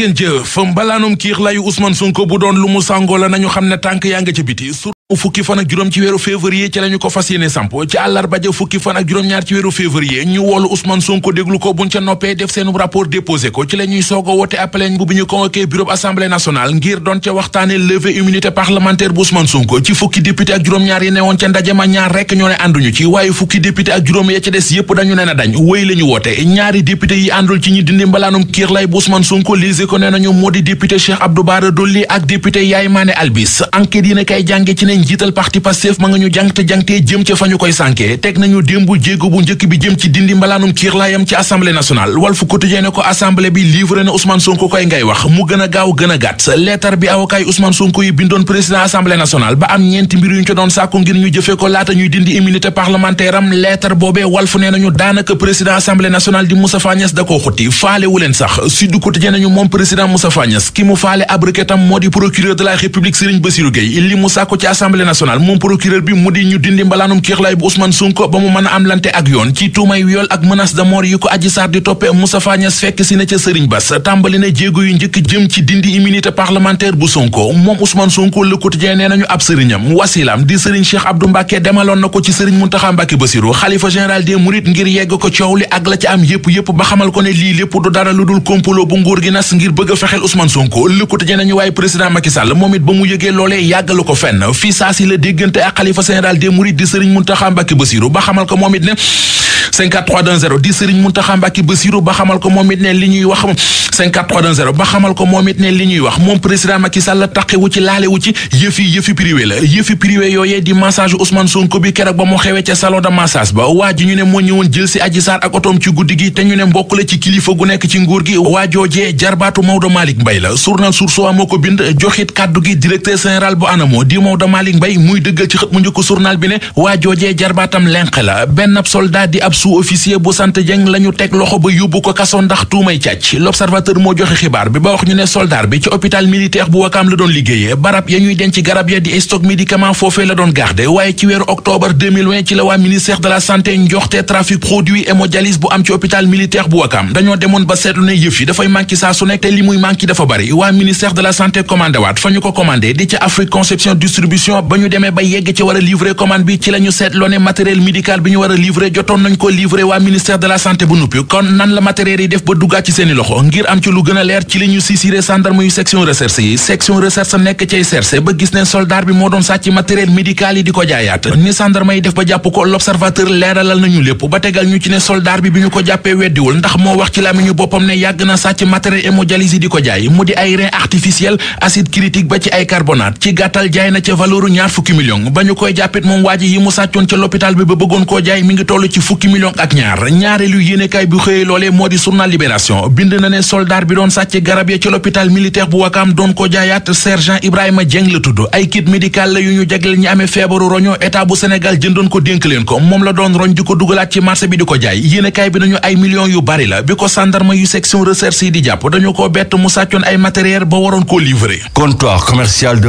ngeen jëf mbalaanum kiir layu Ousmane Sonko bu doon lu mu la nañu xam ne tànk yaa nga ca biti fukki fan ak juróom ci weeru février ci lañu ko fas yéene samp ci àllarba ja fukki fan ak juróom-ñaar ci weeru février ñu woolu Ousmane Sonko déglu ko buñ ca noppee def seen rapport déposé ko ci la ñuy soog a wote appelañ bu bi ñu convoqué bureau assemblée nationale ngir doon ca waxtaane lever immunité parlementaire bu Ousmane Sonko ci fukki député ak juróom-ñaar yi newoon ca ndaje ma ñaar rekk ñoo ne ànduñu ci waaye fukki député ak juróom ya ca des ko nee nañu moo di député Cheikh Abdou Bara Dolly ak njiital parti Pastef ma nga ñu jàngte jàngtee jëm ca fa ñu koy sànke teg nañu démbu jéego bu njëkk bi jëm ci dindi mbalaanum kiirlaayam ci assemblée nationale Walf Quotidien ne ko assemblée bi livré na Ousmane Sonko koy ngay wax mu gën a gaaw gën a gàtt leetar bi avocat yi Ousmane yi bindoon président assemblée nationale ba am ñeenti mbir yu ñu ca doon sàkku ngir ñu jëfee ko laata ñuy dindi immunité parlementaire leetar boobee Walf nee nañu da koo xutti faale wu leen sax Sud Quotidien nañu moom président Moustapha Niasse assemblée nationale moom procureur bi mu di nañu ab sëriñam wasilam di Serigne Cheikh Abdou Mbacké demaloon na ko ci Serigne Mountakha Mbacké xalifa général des ngir yegg ko coow li ak la ca am yëpp yëpp ba xamal ko ne lii lépp du dara lu dul complot bu nguur gi ngir bëgg fexeel Ousmane Sonko Le Quotidien nañu waaye président Macky moom it ba mu yëgee loolee yàggalu ko fenn saa si la déggante ak xalifa général des mourides di sëriñ Muntaxa Mbàkke Basiru ba xamal ko moom it 53 d'un 0 di Serigne Mountakha ba xamal ko moom it ne li ñuy wax 53 ba xamal ko moom ne li ñuy wax moom président Macky Sall taqewu ci laalewu ci yëfi yëfi privé la yëfi privé yooyee di massage Ousmane Sonko bi keroog ba mu xewee ca salon de massage ba waa ji ñu ne moo ñëwoon jël si Adji Sarr ak otoom ci guddi gi te ñu ne mbokk la ci kilifa gu nekk ci nguur gi waa joojee jarbaatu Maodo Malick Mbaye la journal Source A moo ko bind joxit kàddu gi directeur général bu ANAMO di m Malick Mbaye muy dëggal ci xët mu njëkk journal bi ne waa joojee jarbaatam lenq la benn ab soldat di sous-officier bu sant Dieng la teg loxo ba yóbbu ko kaso ndax tuumay càcc l'observateur moo joxe xibaar bi ba wax ñu ne soldat bi ci hôpital militaire bu wakaam la doon liggéeye barab ya ñuy denc garab ya di stock médicament foofee la doon garde waaye ci weeru octobre ci la waa ministère de la santé njoxte trafic produit hémodialyse bu am ci hôpital militaire bu wakaam dañoo demoon ba seetlu ne yëf yi dafay manqué saa su nekk te li muy manqué ko livré waa a ni gendarme yi def ba jàpp ko l'observateur leeralal nañu lépp ba tegal ñu ci ne soldat bi bi ñu ko jàppee weddiwul ndax moo wax ci làmmiñu boppam ne yàgg na sàcc matériel hémodialyse yi di ko jaay mu di ay rein artificiel acide critique ba ci ay carbonate ci gàttal jaay na ca valeur ñaar fukki million ba ñu koy jàppit moom waa yi mu sàccoon ca l'hôpital bi ba bëggoon koo jaay mi ngi tollu ci fukki million million ak ñaar ñaareelu yéenekaay bu xëyee loolee moo di journal Libération bind na ne soldat bi doon sàcc garab ya ci l'hôpital militaire bu Wakaam doon ko jaayaat sergent Ibrahima Dieng la tudd ay kit médical la yu ñu jagleel ñi amee feebaru roño état bu Sénégal jëndoon ko dénk leen ko moom la doon roñ di ko dugalaat ci marché bi di ko jaay yéenekaay bi nañu ay millions yu bari la bi ko gendarme yu section recherche yi di jàpp dañu ko bett mu sàccoon ay matériel ba waroon koo livrer comptoir commercial